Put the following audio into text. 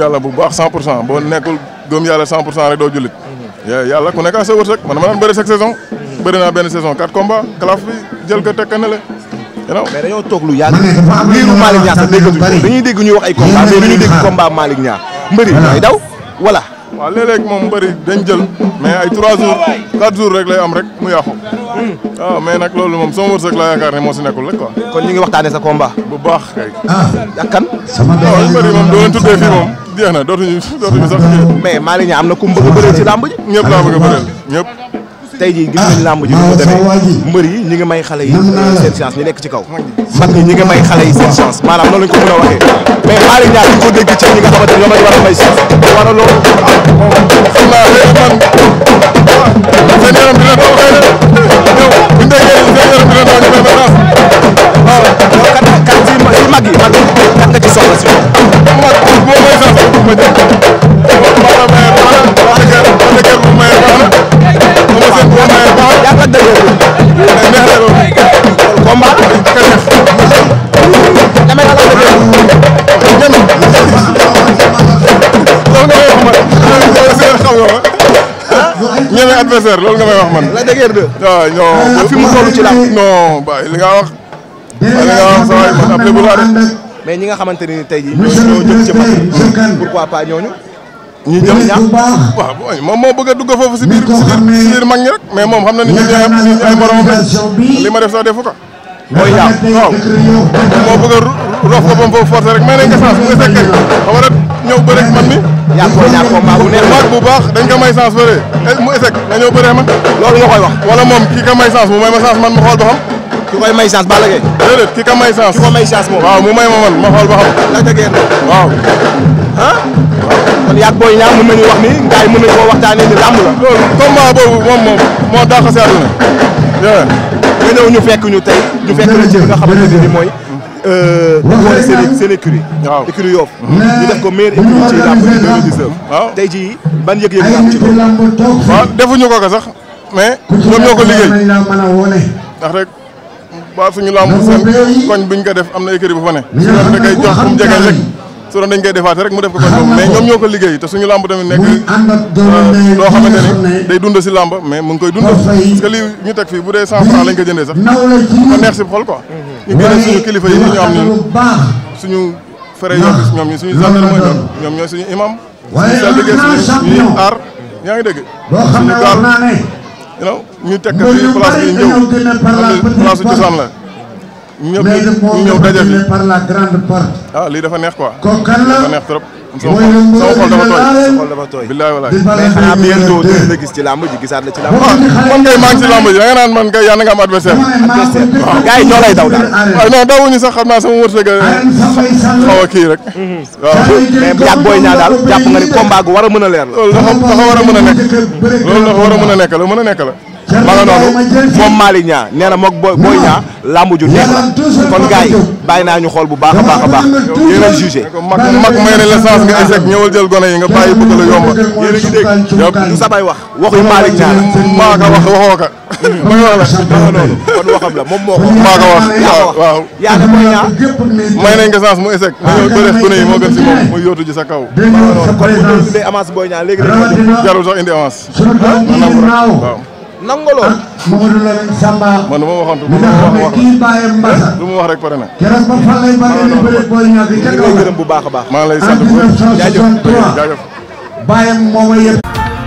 yàlla bu baax 100 pour cent boo nekkul gëm yàlla 100 pour cent rek doo jullit yàlla ku nekk a sa wërsëg man ma daan bëri chaque saison bëri naa benn saison quatre combats calaf bi jël ko tekka na la yow mais dañoo toog lu yàgg liiru Malick Niang sax déggatuñ ko dañuy dégg ñuy wax ay combat mais dañuy dégg combat Malick Niang mbëri ay daw voilà waaw léeg-léeg moom mbëri dañ jël mais ay 3 jours 4 jours rek lay am rek mu yàqu waaw mais loolu moom sama wërsëg laa yaakaar ne moo si nekkul rek quoi kon ñu ngi sa combat bu baax kay ah. ak kan jeex na dootuñu sax. mais Malick Niang am na ku mu bëgg ci làmb ji. ñëpp laa bëgg a bëreel tey jii gis làmb ji ko demee yi ñi ngi may xale yi seen chance ñu nekk ci kaw mag ñi ñi ngi may xale yi seen chance maanaam noonu lañ ko mën a waxee mais Malick Niang ñu ko dégg ci ñi nga xamante ñoo may war a may chance war a loolu xam naa xëy na man seen yaram dina daw xëy na ñëw buñ déggee seen yaram dina daw ñu may ma waaw kat kat si mag yi mag kat nga ci soxla si ñeme adversaire loolu nga may wax man. la dëgër de. waaw non fi mu toll ci la. non ba li nga wax. ba li nga wax saa waay man après bu mais ñi nga xamante ni tey jii. ñoo jëm ci mag pourquoi pas ñooñu. ñu jëm ñaax waaw moom moo bëgg a dugg foofu si biir si biir mag ñi rek mais moom xam na ni ñu ñooy ay boromam lañ li ma def sax defu ko. mooy ñaax moo bëgg a roof ko ba mu foofu forcé rek may nañ ko chance mu ngi sekk xam nga ñëw bëre man mi. yaa ngi koy bu baax dañ ko may chance bëree eh, mu échec nga ñëw bëree man. loolu nga koy wax wala moom kii ka may chance mu may ma chance man ma xool ba ku koy C'est chance ki ka may ko may waaw may ma man ma xool ba xam. Lac de Guiers waaw. ah. kon yaag booy ñaar mën Non, wax ni gars yi C'est nañu ni làmb la. loolu combat boobu moom Non, moo dàq C'est ñu fekk ñu tey. ñu fekk la ci nga xamante ne nii mooy. boole euh, seen waaw écurie Yoff ñu def ko ci 2019. waaw ban ci ko sax mais ba suñu lamb seen koñ buñ ko def am na écurie bu fa ne su doon da koy jox fu mu jegeñ rek su ko koñ boobu ko liggéey te suñu lamb tamit nekk euh, loo xamante ni day dund si lamb mais mu ngi koy dund ñu teg fii bu dee cent lañ ko jëndee sax ko neex si xol quoi ñu suñu kilifa yi ñu am suñu frère yoo gis ñoom ñi suñu gendarme mooy doon ñoom suñu imam suñu sa liggéey suñu yaa ngi dégg you ñu teg ci place bi ñëw place su cosaan la ñëpp ñu ñëw ah, lii dafa neex quoi dafa neex trop mooy leen mooy leen dina laale sama xol dafa tooy billaay walaay mais xanaa bientôt la gis ci làmb ji gisaat la ci làmb ji. man kay maa ngi ci làmb ji da nga naan man kay yàlla adversaire. adversaire waaw gars daw daal. waaw non dawuñu sax xam naa sama wërsëg xaw a kii rek. waaw mais booy ñaa daal jàpp nga ni combat gu war a mën a leer la. loolu war a mën a nekk loolu dafa a mën a nekk la mën a nekk la. ma nga noonu moom Malick Niang nee moog booy booy Niang làmb ju neex la kon gars yi naa ñu xool bu baax a baax a baax yéen a jugé mag mag may ne la chance nga échec yi nga bàyyi bëgg la yomba yéen a ngi dégg du wax waxuy Malick Niang la maa ko wax waxoo ko ma nga wax la ma nga noonu kon waxam ne nañ nga chance mu échec mu ñëw bëreex gone yi moo gën si moom muy yóotu ji sa kaw ma nga noonu kon nangu lool ak ah, Mamadou Lamine Samba. moo lu ma waxoon lu ma wax wax kii bàyyam lu ma wax rek pare na. keroog ba fan lay bàyyee ni bëri booy ñaar bi bu baax a baax. maa ngi lay sant bu wér jaajëf moo ma yëpp.